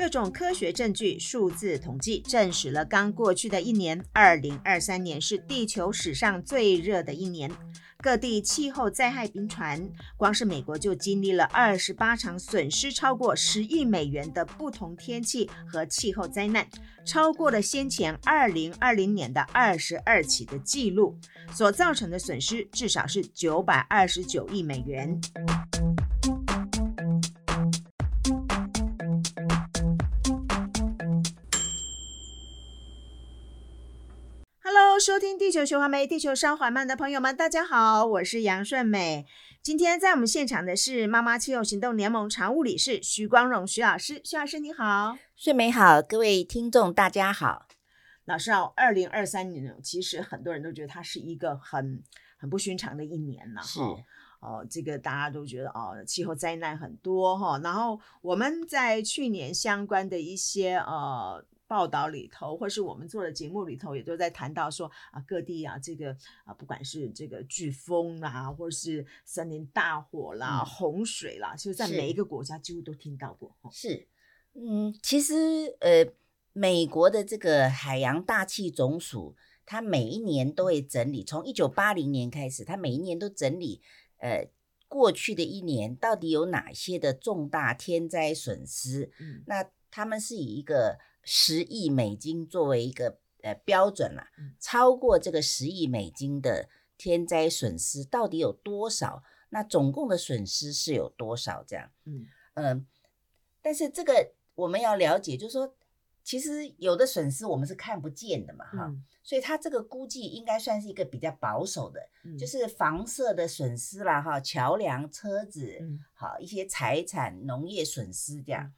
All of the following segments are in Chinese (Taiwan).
各種科學證據、數字統計證實了，剛過去的一年，二零二三年是地球史上最熱的一年。各地氣候災害頻傳，光是美國就經歷了二十八場損失超過十億美元的不同天氣和氣候災難，超過了先前二零二零年的二十二起的記錄，所造成的損失至少是九百二十九億美元。收聽地球循環媒地球上緩慢的朋友們，大家好，我是楊順美。今天在我們現場的是媽媽氣候行動聯盟常務理事徐光榮徐老師，徐老師你好，順美好，各位聽眾大家好。老師啊、哦，二零二三年其實很多人都覺得它是一個很很不尋常的一年了，是哦，這個大家都覺得哦，氣候災難很多哈、哦。然後我們在去年相關的一些呃。報道裡頭，或是我們做的節目裡頭，也都在談到說啊，各地啊，這個啊，不管是這個颶風啦，或是森林大火啦、嗯、洪水啦，就在每一個國家幾乎都聽到過。是，哦、是嗯，其實呃，美國的這個海洋大氣總署，它每一年都會整理，從一九八零年開始，它每一年都整理呃過去的一年到底有哪些的重大天災損失。嗯、那他們是以一個十億美金作為一個呃標準了、啊，超過這個十億美金的天災損失到底有多少？那總共的損失是有多少？這樣，嗯嗯、呃，但是這個我們要了解，就是說，其實有的損失我們是看不見的嘛，嗯、哈，所以它這個估計應該算是一個比較保守的，嗯、就是房舍的損失啦，哈，橋梁、車子，好、嗯、一些財產、農業損失這樣，嗯、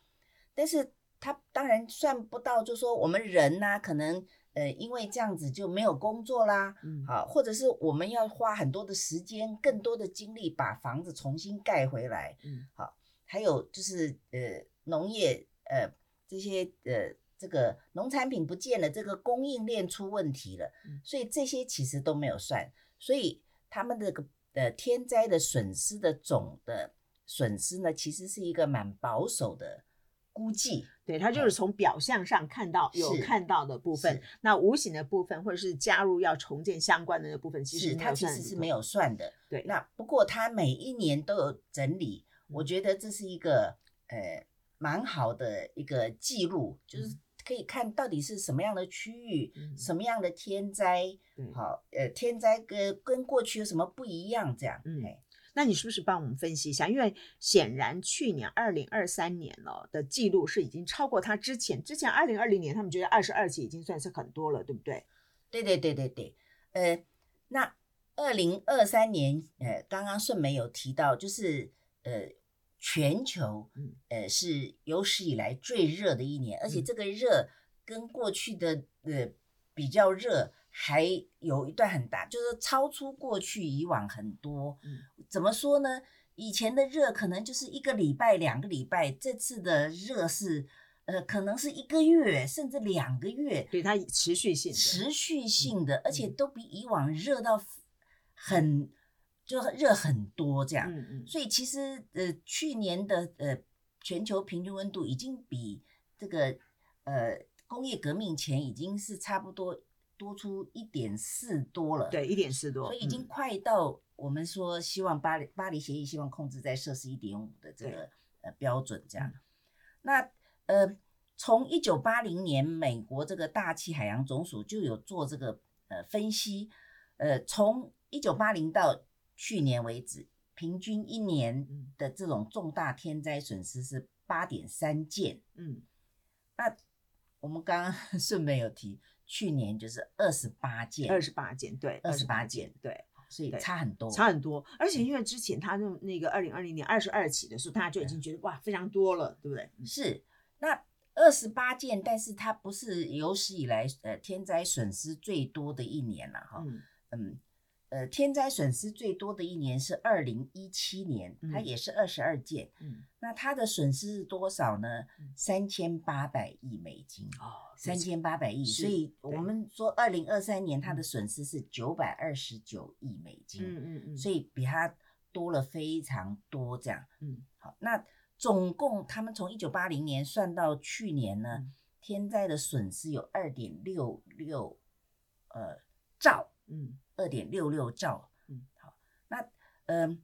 但是。他當然算不到，就說我們人吶、啊，可能呃因為這樣子就沒有工作啦，好、嗯啊，或者是我們要花很多的時間、更多的精力把房子重新蓋回來，嗯，好、啊，還有就是呃農業呃這些呃這個農產品不見了，這個供應鏈出問題了，嗯、所以這些其實都沒有算，所以他們這個呃天災的損失的總的損失呢，其實是一個蠻保守的估計，對，他就是從表象上看到，哦，有看到的部分，那無形的部分或者是加入要重建相關的那部分，其實他其實是沒有算的。對，那不過他每一年都有整理，嗯，我覺得這是一個呃蠻好的一個記錄，就是可以看到底是什麼樣的區域，嗯，什麼樣的天災，好，嗯哦，呃，天災跟跟過去有什麼不一樣這樣，嗯。嗯那你是不是幫我們分析一下？因為顯然去年二零二三年了的記錄是已經超過他之前，之前二零二零年他們覺得二十二起已經算是很多了，對不對？對對對對對。呃，那二零二三年，呃，剛剛順美有提到，就是呃，全球呃是有史以來最熱的一年，而且這個熱跟過去的呃比較熱。還有一段很大，就是超出過去以往很多。嗯，怎麼說呢？以前的熱可能就是一個禮拜、兩個禮拜，這次的熱是，呃，可能是一個月甚至兩個月，對，它持續性的、持續性的，而且都比以往熱到很，嗯，就熱很多這樣。嗯嗯。所以其實呃，去年的，呃，全球平均溫度已經比這個呃工業革命前已經是差不多。多出一點四多了，對，一點四多，所以已經快到我們說希望巴黎巴黎協議希望控制在攝氏一點五的這個呃標準這樣。那呃，從一九八零年美國這個大氣海洋總署就有做這個呃分析，呃，從一九八零到去年為止，平均一年的這種重大天災損失是八點三件。嗯，那我們剛剛順便有提。去年就是二十八件，二十八件，對，二十八件，對，所以差很多，差很多。而且因為之前他那那個二零二零年二十二起的時候，大家就已經覺得哇非常多了，對不對？是，那二十八件，但是它不是有史以來呃天災損失最多的一年了哈，嗯。嗯呃，天災損失最多的一年是二零一七年，它也是二十二件。嗯，那它的損失是多少呢？三千八百億美金。哦，三千八百億。所以我們說二零二三年它的損失是九百二十九億美金。嗯嗯。所以比它多了非常多，這樣。嗯。好，那總共他們從一九八零年算到去年呢，嗯，天災的損失有二點六六呃兆。嗯。二點六六兆，嗯，好，那呃、嗯、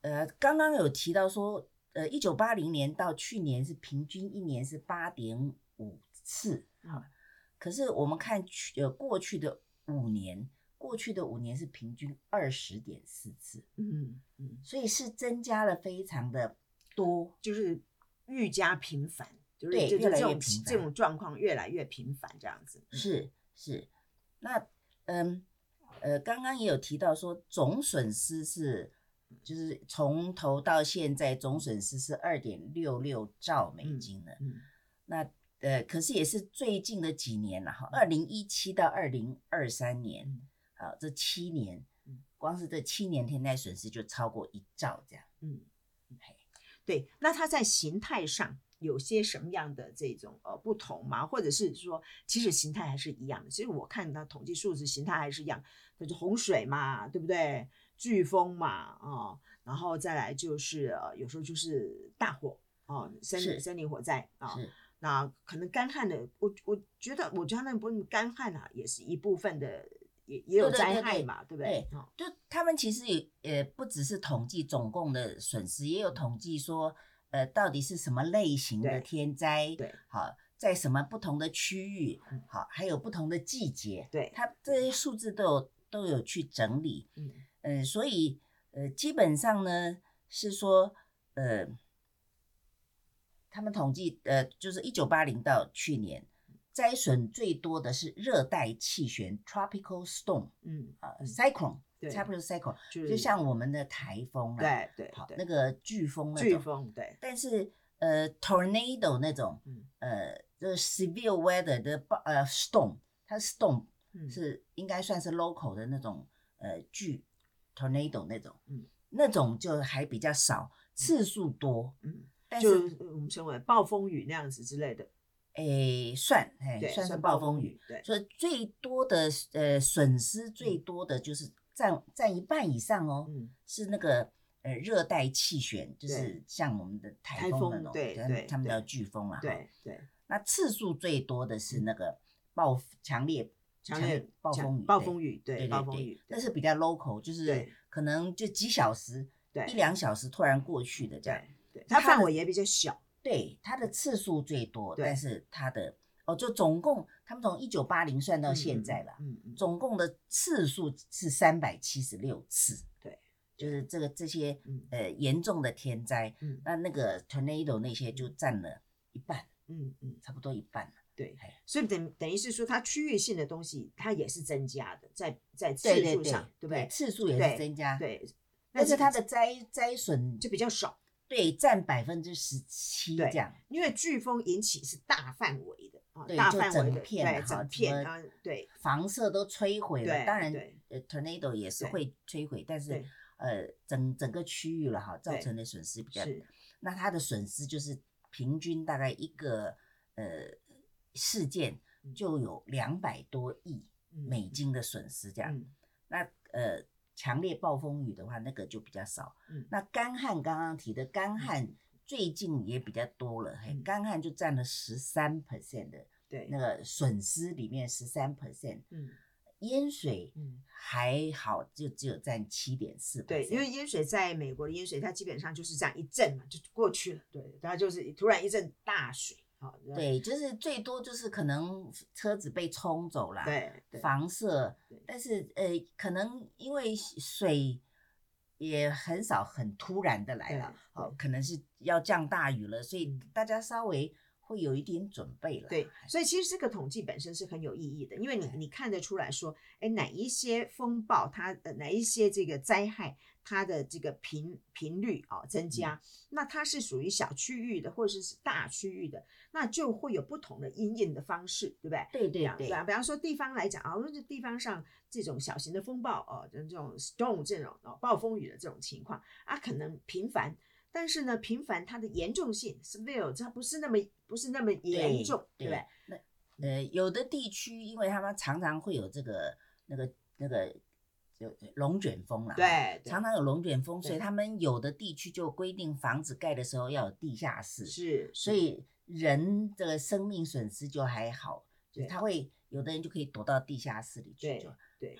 呃，剛剛有提到說，呃，一九八零年到去年是平均一年是八點五次，哈、嗯，可是我們看去呃過去的五年，過去的五年是平均二十點四次，嗯嗯，所以是增加了非常的多，就是愈加頻繁，就是、對、越來越頻繁、就是、這種。這種狀況越來越頻繁這樣子，嗯、是是，那嗯。呃，剛剛也有提到說，總損失是，就是從頭到現在總損失是二點六六兆美金的，嗯嗯、那呃，可是也是最近的幾年了哈，二零一七到二零二三年，好、嗯啊，這七年，光是這七年天災損失就超過一兆這樣，嗯，對，那它在形態上有些什麼樣的這種呃不同嗎？或者是說，其實形態還是一樣的。所以我看它統計數字形態還是一樣。就是、洪水嘛，對不對？颶風嘛，啊、哦，然後再來就是呃，有時候就是大火哦，森林森林火災啊、哦，那可能乾旱的，我我覺得我覺得那不是乾旱啊，也是一部分的，也也有災害嘛，對，對，對，對，對不對，對？就他們其實也也不只是統計總共的損失，也有統計說呃，到底是什麼類型的天災，對，對好，在什麼不同的區域、嗯，好，還有不同的季節，對，它這些數字都有。都有去整理，嗯，呃、所以呃，基本上呢是說，呃，他們統計，呃，就是一九八零到去年，災損最多的是熱帶氣旋 （tropical storm），嗯，啊，cyclone，tropical、嗯、cyclone，就像我們的颱風啊，對對，好，那個颶風那種，但是呃，tornado 那種、嗯，呃，就是 severe weather 的暴呃 storm，它是 storm。是應該算是 local 的那種呃颶，tornado 那種，嗯，那種就還比較少，次數多嗯，嗯，但是就我們稱為暴風雨那樣子之類的，誒、欸，算，誒、欸，算是暴，風暴風雨，對，所以最多的呃損失最多的就是占占、嗯、一半以上哦，嗯、是那個呃熱帶氣旋，就是像我們的颱風那種，對對，他們叫颶風啊，對對，對，那次數最多的是那個暴強烈。強烈暴風雨，暴風雨，對，對，對，對，對，暴風雨，但是比較 local，對，就是可能就幾小時，對，一兩小時突然過去的這樣，對，對，它範圍也比較小。對，它的次數最多，但是它的哦，就總共他們從一九八零算到現在了，嗯，嗯，總共的次數是三百七十六次，對，就是這個這些、嗯、呃嚴重的天災，嗯，那那個 tornado 那些就占了一半，嗯嗯，差不多一半了。對，所以等等於是說，它區域性的東西，它也是增加的，在在次數上，對，對，對，對不對，對？次數也是增加，對。對，但是它的災災損就比較少，對，占百分之十七這樣對。因為颶風引起是大範圍的大範圍的，對，整片的對，房舍都摧毀了。當然，呃，tornado 也是會摧毀，但是呃，整整個區域了哈，造成的損失比較大。那它的損失就是平均大概一個呃。事件就有兩百多億美金的損失，這樣。嗯嗯、那呃，強烈暴風雨的話，那個就比較少。嗯、那乾旱剛剛提的乾旱，最近也比較多了，乾、嗯、旱就佔了十三 percent 的對、嗯、那個損失裡面十三 percent。嗯，淹水還好，就只有佔七點四 percent。對，因為淹水在美國的淹水，它基本上就是這樣一陣嘛，就過去了。對，它就是突然一陣大水。對，就是最多就是可能車子被沖走了，對，房舍，但是呃，可能因為水也很少，很突然的來了，對了，哦，可能是要降大雨了，所以大家稍微會有一點準備了。對，所以其實這個統計本身是很有意義的，因為你你看得出來說，哎，哪一些風暴，它哪一些這個災害。它的這個頻頻率啊、哦、增加，嗯，那它是屬於小區域的，或者是大區域的，那就會有不同的因應的方式，對不對？對，對吧，比方說地方來講啊，我、哦、們這地方上這種小型的風暴哦，這種 storm 這種哦暴風雨的這種情況，啊可能頻繁，但是呢頻繁，它的嚴重性 swell 它不是那麼不是那麼嚴重，對，對不對？對，那呃有的地區，因為他們常常會有這個那個那個、那個龍捲風啦，對，常常有龍捲風，所以他們有的地區就規定房子蓋的時候要有地下室，是，所以人的生命損失就還好，對就是，他會有的人就可以躲到地下室裡去對，對，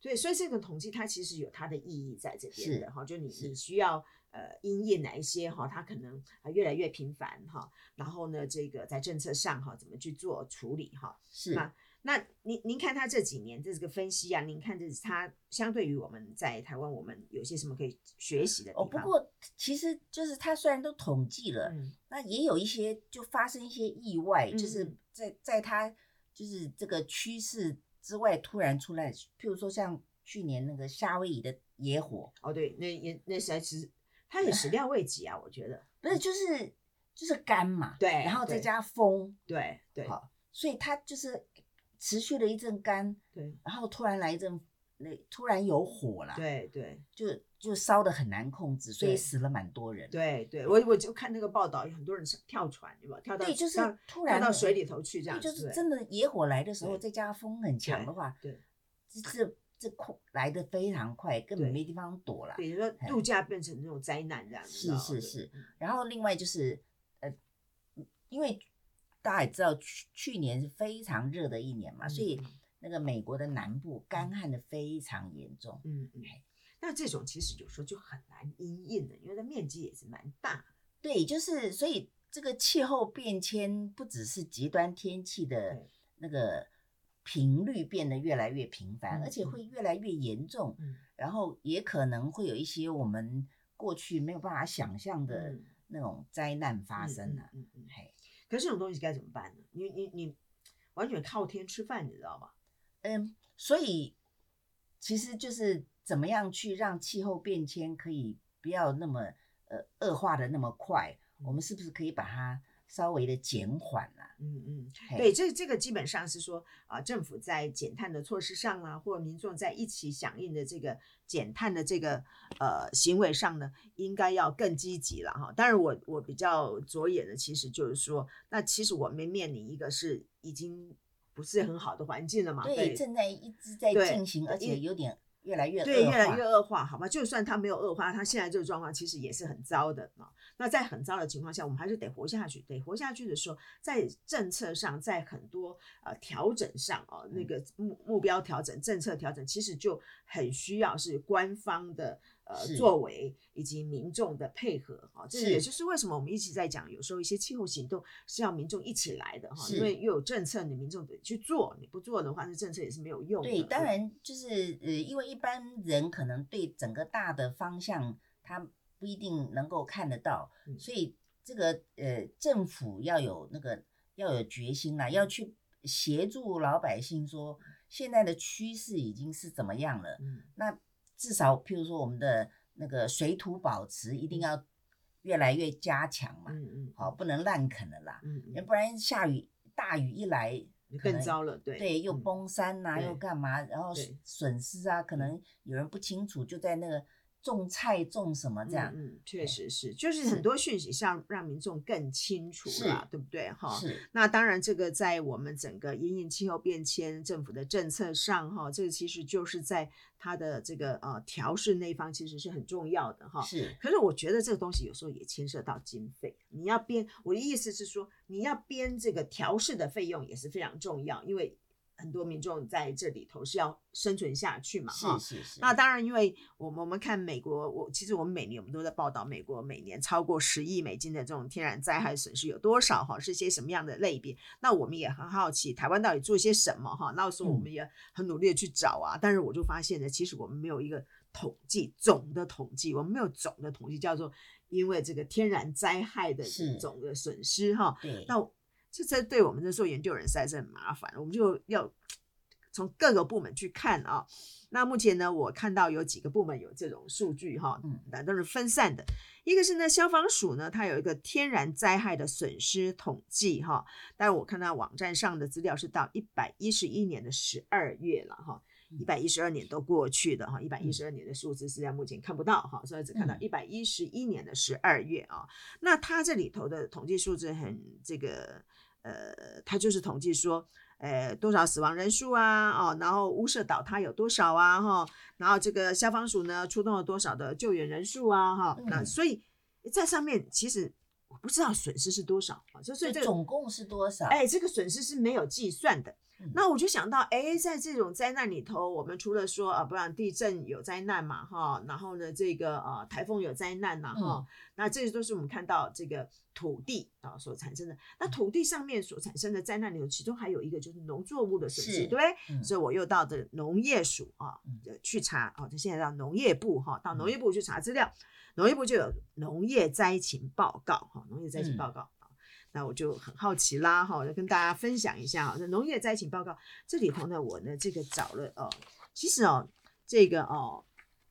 對，所以這個統計它其實有它的意義在這邊的哈，就你你需要呃因應哪一些哈，它可能越來越頻繁哈，然後呢，這個在政策上哈怎麼去做處理哈，是。那您您看他這幾年這是個分析啊，您看這是他相對於我們在台灣，我們有些什麼可以學習的地方。哦，不過其實就是他雖然都統計了，嗯，那也有一些就發生一些意外，嗯，就是在在他就是這個趨勢之外突然出來，譬如說像去年那個夏威夷的野火。哦，對，那也那其實他也始料未及啊，嗯，我覺得不是就是就是幹嘛對，然後再加風對對、哦、對，對，所以他就是。持續了一陣乾，對，然後突然來一陣，那突然有火了，對對，就就燒的很難控制，所以死了蠻多人。對對，我我就看那個報道，有很多人跳船對吧？跳到對就是突然跳到水裡頭去，這樣就是真的野火來的時候，再加上風很強的話，對，對，這這這來的非常快，根本沒地方躲了。比如說度假變成這種災難這樣、嗯、是是是，然後另外就是呃，因為。大家也知道，去去年是非常熱的一年嘛、嗯，所以那個美國的南部乾旱的非常嚴重。嗯嗯，Okay. 那這種其實有時候就很難因應的，因為它面積也是蠻大。對，就是所以這個氣候變遷不只是極端天氣的那個頻率變得越來越頻繁、嗯，而且會越來越嚴重。嗯，然後也可能會有一些我們過去沒有辦法想象的那種災難發生了、啊。嗯。嗯嗯嗯可是這種東西該怎麼辦呢？你你你完全靠天吃飯，你知道嗎？嗯，所以其實就是怎麼樣去讓氣候變遷可以不要那麼呃惡化的那麼快？我們是不是可以把它稍微的減緩啊？嗯嗯，對，這這個基本上是說啊，政府在減碳的措施上啊，或者民眾在一起響應的這個。減碳的這個呃行為上呢，應該要更積極了哈。但是我我比較着眼的，其實就是說，那其實我們面臨一個是已經不是很好的環境了嘛。對，對正在一直在進行，而且有點。越來越惡化，對，越來越惡化，好吧？就算他沒有惡化，他現在這個狀況其實也是很糟的啊。那在很糟的情況下，我們還是得活下去，得活下去的時候，在政策上，在很多呃調整上、哦、那個目目標調整、政策調整，其實就很需要是官方的。呃，作為以及民眾的配合哈，這也就是為什麼我們一直在講，有時候一些氣候行動是要民眾一起來的哈，因為又有政策，你民眾得去做，你不做的話，那政策也是沒有用的。對，當然就是呃，因為一般人可能對整個大的方向他不一定能夠看得到。嗯，所以這個呃，政府要有那個要有決心啦，要去協助老百姓說現在的趨勢已經是怎麼樣了，嗯，那。至少，譬如說，我們的那個水土保持一定要越來越加強嘛，嗯嗯，好，不能濫墾了啦，要、嗯嗯、不然下雨大雨一來更糟了，對對，又崩山吶、啊嗯，又幹嘛，然後損失啊，可能有人不清楚，就在那個。種菜種什麼這樣，嗯，嗯，確實是，就是很多訊息要讓民眾更清楚了，對不對？哈，是。那當然，這個在我們整個因應氣候變遷政府的政策上，哈，這個其實就是在它的這個呃、啊、調適那一方其實是很重要的，哈，是。可是我覺得這個東西有時候也牽涉到經費，你要編，我的意思是說，你要編這個調適的費用也是非常重要，因為。很多民眾在這裡頭是要生存下去嘛？哈，是是，是。那當然，因為我們我們看美國，我其實我們每年我們都在報道美國每年超過十億美金的這種天然災害損失有多少哈？是些什麼樣的類別？那我們也很好奇台灣到底做些什麼哈？那時候我們也很努力的去找啊，嗯、但是我就發現呢，其實我們沒有一個統計，總的統計，我們沒有總的統計叫做因為這個天然災害的這種的損失哈？對。那。這這對我們這做研究人員實在是很麻煩，我們就要從各個部門去看啊。那目前呢，我看到有幾個部門有這種數據哈，嗯，但都是分散的。一個是呢，消防署呢，它有一個天然災害的損失統計哈，但我看到網站上的資料是到一百一十一年的十二月了哈。一百一十二年都過去了哈，一百一十二年的數字是在目前看不到哈，所以、嗯、只看到一百一十一年的十二月啊、嗯。那它這裡頭的統計數字很這個，呃，它就是統計說、呃，多少死亡人數啊，哦，然後屋舍倒塌有多少啊，哈，然後這個消防署呢出動了多少的救援人數啊，哈、嗯，那所以在上面其實我不知道損失是多少啊、嗯，就是、這個、總共是多少、哎？這個損失是沒有計算的。那我就想到，哎，在這種災難裡頭，我們除了說啊，不然地震有災難嘛，哈，然後呢，這個啊颱風有災難吶，哈、嗯，那這些都是我們看到這個土地啊所產生的。那土地上面所產生的災難裡頭，其中還有一個就是農作物的損失，對、嗯、所以我又到這個農業署啊，去查哦、啊，就現在到農業部哈、啊，到農業部去查資料，農業部就有農業災情報告哈、啊，農業災情報告。嗯那我就很好奇啦，哈，跟大家分享一下啊，那農業災情報告這裡頭呢，我呢這個找了哦，其實哦，這個哦，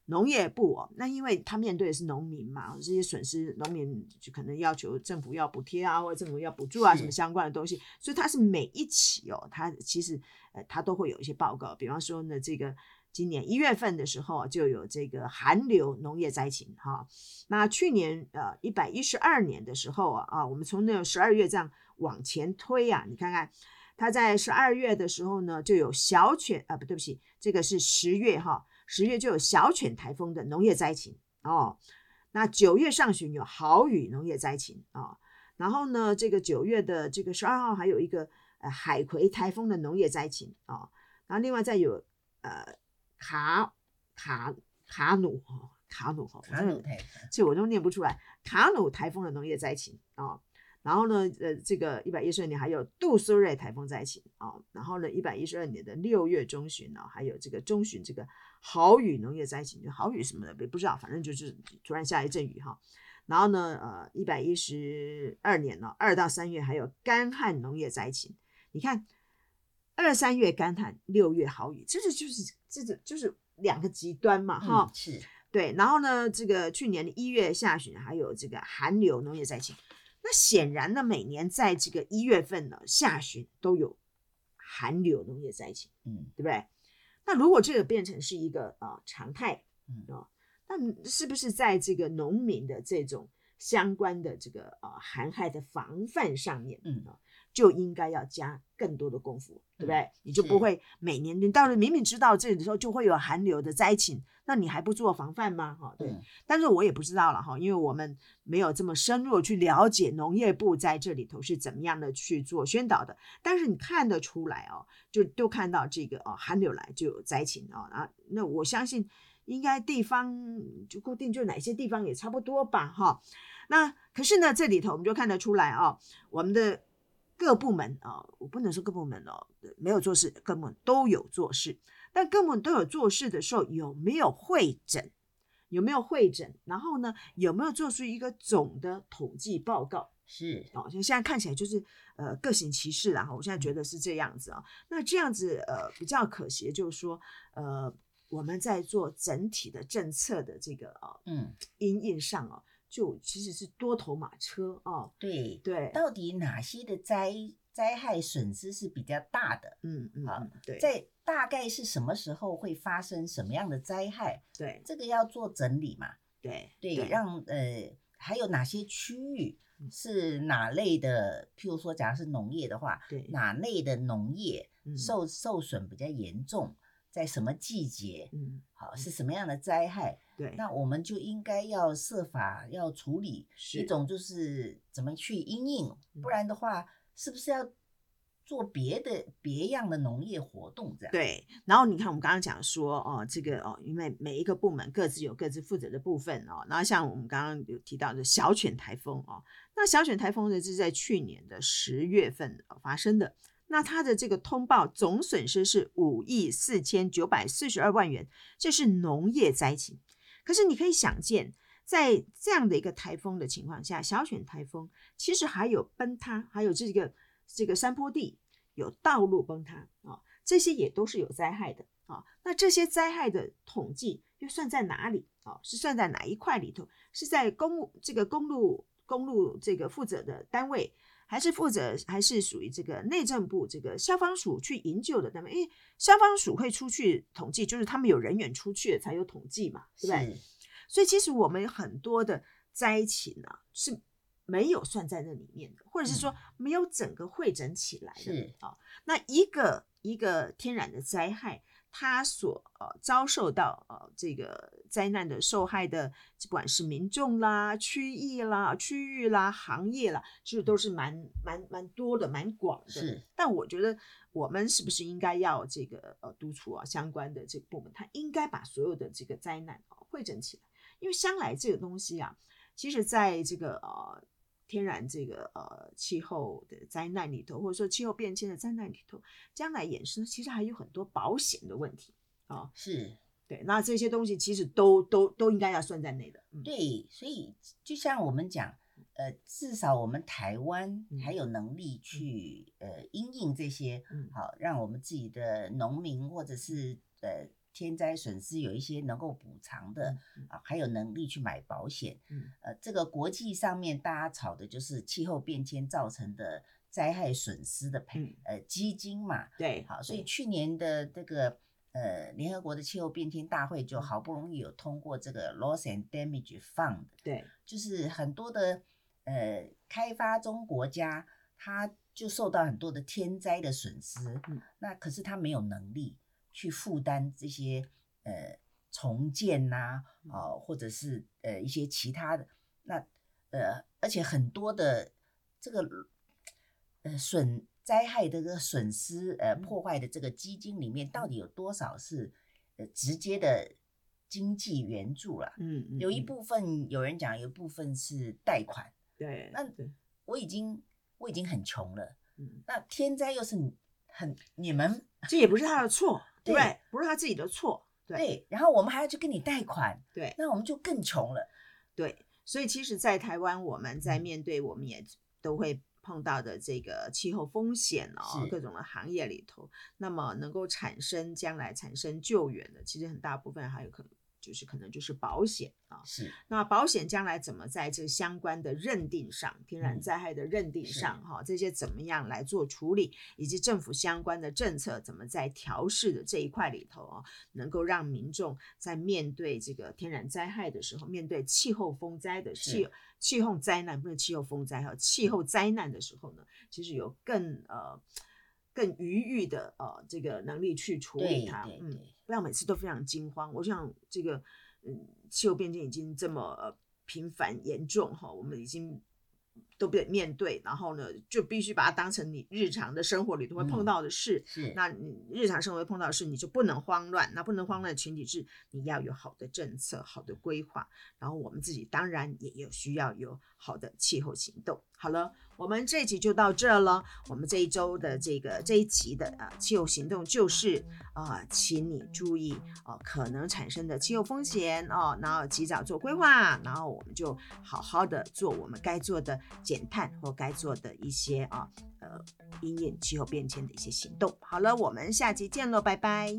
農業部哦，那因為他面對的是農民嘛，這些損失，農民就可能要求政府要補貼啊，或者政府要補助啊，什麼相關的東西，所以他是每一起哦，他其實呃，他都會有一些報告，比方說呢這個。今年一月份的時候就有這個寒流農業災情哈、啊。那去年呃一百一十二年的時候啊啊，我們從那個十二月這樣往前推呀、啊，你看看它在十二月的時候呢就有小犬啊，不對不起，這個是十月哈，十月就有小犬台風的農業災情哦。那九月上旬有豪雨農業災情啊、哦，然後呢這個九月的這個十二號還有一個呃海葵台風的農業災情啊、哦，然後另外再有呃。卡卡卡努哈，卡努哈，卡努這我，我都念不出來。卡努台風的農業災情啊、哦，然後呢，呃，這個一百一十二年還有杜蘇芮台風災情啊、哦，然後呢，一百一十二年的六月中旬呢、哦，還有這個中旬這個豪雨農業災情，就豪雨什麼的也不知道，反正就是突然下一陣雨哈、哦。然後呢，呃，一百一十二年呢，二、哦、到三月還有乾旱農業災情，你看二三月乾旱，六月豪雨，這個就是。這就是兩個極端嘛，哈、嗯，是、哦、對。然後呢，這個去年的一月下旬還有這個寒流農業災情，那顯然呢，每年在這個一月份呢下旬都有寒流農業災情，嗯，對不對？那如果這個變成是一個呃常態，嗯、呃、啊，那是不是在這個農民的這種相關的這個呃寒害的防範上面，呃、嗯就應該要加更多的功夫，嗯、對不對？你就不會每年你到了明明知道這裡的時候就會有寒流的災情，那你還不做防範嗎？哈，對、嗯。但是我也不知道了哈，因為我們沒有這麼深入去了解農業部在這裡頭是怎麼樣的去做宣導的。但是你看得出來哦，就都看到這個哦，寒流來就有災情哦，然後那我相信應該地方就固定就哪些地方也差不多吧，哈。那可是呢，這裡頭我們就看得出來哦，我們的。各部門啊、哦，我不能說各部門哦，沒有做事，各部門都有做事。但各部門都有做事的時候，有沒有會診？有沒有會診？然後呢，有沒有做出一個總的統計報告？是，哦，就現在看起來就是呃各行其是，然後我現在覺得是這樣子啊、哦。那這樣子呃比較可惜，就是說呃我們在做整體的政策的這個啊、哦、嗯因應上哦。就其實是多頭馬車啊，對對，到底哪些的災災害損失是比較大的？嗯、啊、嗯，對，在大概是什麼時候會發生什麼樣的災害？對，這個要做整理嘛，對對，對，讓呃還有哪些區域是哪類的？嗯、譬如說，假如是農業的話，對，哪類的農業受、嗯、受損比較嚴重？在什麼季節？嗯，好，是什麼樣的災害？對，那我們就應該要設法要處理，一種就是怎麼去因應，不然的話，是不是要做別的別樣的農業活動？這樣對。然後你看，我們剛剛講說哦，這個哦，因為每一個部門各自有各自負責的部分哦。然後像我們剛剛有提到的小犬颱風哦，那小犬颱風呢是在去年的十月份發生的。那它的這個通報總損失是五億四千九百四十二萬元，這是農業災情。可是你可以想見，在這樣的一個台風的情況下，小犬台風其實還有崩塌，還有這個這個山坡地有道路崩塌啊、哦，這些也都是有災害的啊、哦。那這些災害的統計又算在哪裡啊、哦？是算在哪一塊裡頭？是在公這個公路公路這個負責的單位？還是負責，還是屬於這個內政部這個消防署去營救的那，因為消防署會出去統計，就是他們有人員出去了才有統計嘛，對不對？是。所以其實我們很多的災情啊是沒有算在那裡面的，或者是說沒有整個匯總起來的，嗯哦、那一個一個天然的災害。他所呃遭受到呃這個災難的受害的，不管是民眾啦、區域啦、區域啦、行業啦，其實都是蠻蠻蠻多的、蠻廣的。是，但我覺得我們是不是應該要這個呃督促啊相關的這個部門，他應該把所有的這個災難啊彙整起來，因為將來這個東西啊，其實在這個呃。天然這個呃氣候的災難裡頭，或者說氣候變遷的災難裡頭，將來衍生其實還有很多保險的問題啊、哦，是對，那這些東西其實都都都應該要算在內的、嗯。對，所以就像我們講，呃，至少我們台灣還有能力去、嗯、呃因應這些，好，讓我們自己的農民或者是呃。天災損失有一些能夠補償的啊，還有能力去買保險。呃，這個國際上面大家吵的就是氣候變遷造成的災害損失的賠、嗯、呃基金嘛。對，好，所以去年的這個呃聯合國的氣候變遷大會就好不容易有通過這個 Loss and Damage Fund。對，就是很多的呃開發中國家，他就受到很多的天災的損失、嗯，那可是他沒有能力。去負擔這些呃重建吶啊、呃，或者是呃一些其他的那呃，而且很多的這個呃損災害的這個損失呃破壞的這個基金裡面，到底有多少是呃直接的經濟援助了、啊嗯？嗯，有一部分、嗯、有人講，有一部分是貸款。對，那我已經我已經很窮了、嗯，那天災又是很你們這也不是他的錯。對，對，不是他自己的錯。對。對，然後我們還要去跟你貸款，對，那我們就更窮了。對，所以其實，在台灣，我們在面對我們也都會碰到的這個氣候風險哦，各種的行業裡頭，那麼能夠產生將來產生救援的，其實很大部分還有可能。就是可能就是保險啊，是那保險將來怎麼在這相關的認定上，天然災害的認定上，啊，哈，這些怎麼樣來做處理，以及政府相關的政策怎麼在調試的這一塊裡頭啊，能夠讓民眾在面對這個天然災害的時候，面對氣候風災的氣氣候災難，不是氣候風災哈，氣候災難的時候呢，其實有更呃。更愉悅的呃，這個能力去處理它，嗯，不要每次都非常驚慌。我想這個，嗯，氣候變遷已經這麼、呃、頻繁嚴重哈、哦，我們已經都得面對，然後呢，就必須把它當成你日常的生活裡都會碰到的事。嗯、是，那你日常生活碰到的事，你就不能慌亂。那不能慌亂的前提是你要有好的政策、好的規劃，然後我們自己當然也有需要有好的氣候行動。好了，我們這一集就到這了。我們這一週的這個這一集的呃氣候行動就是啊、呃，請你注意哦、呃，可能產生的氣候風險哦，然後及早做規劃，然後我們就好好的做我們該做的減碳或該做的一些啊呃因應氣候變遷的一些行動。好了，我們下期見嘍，拜拜。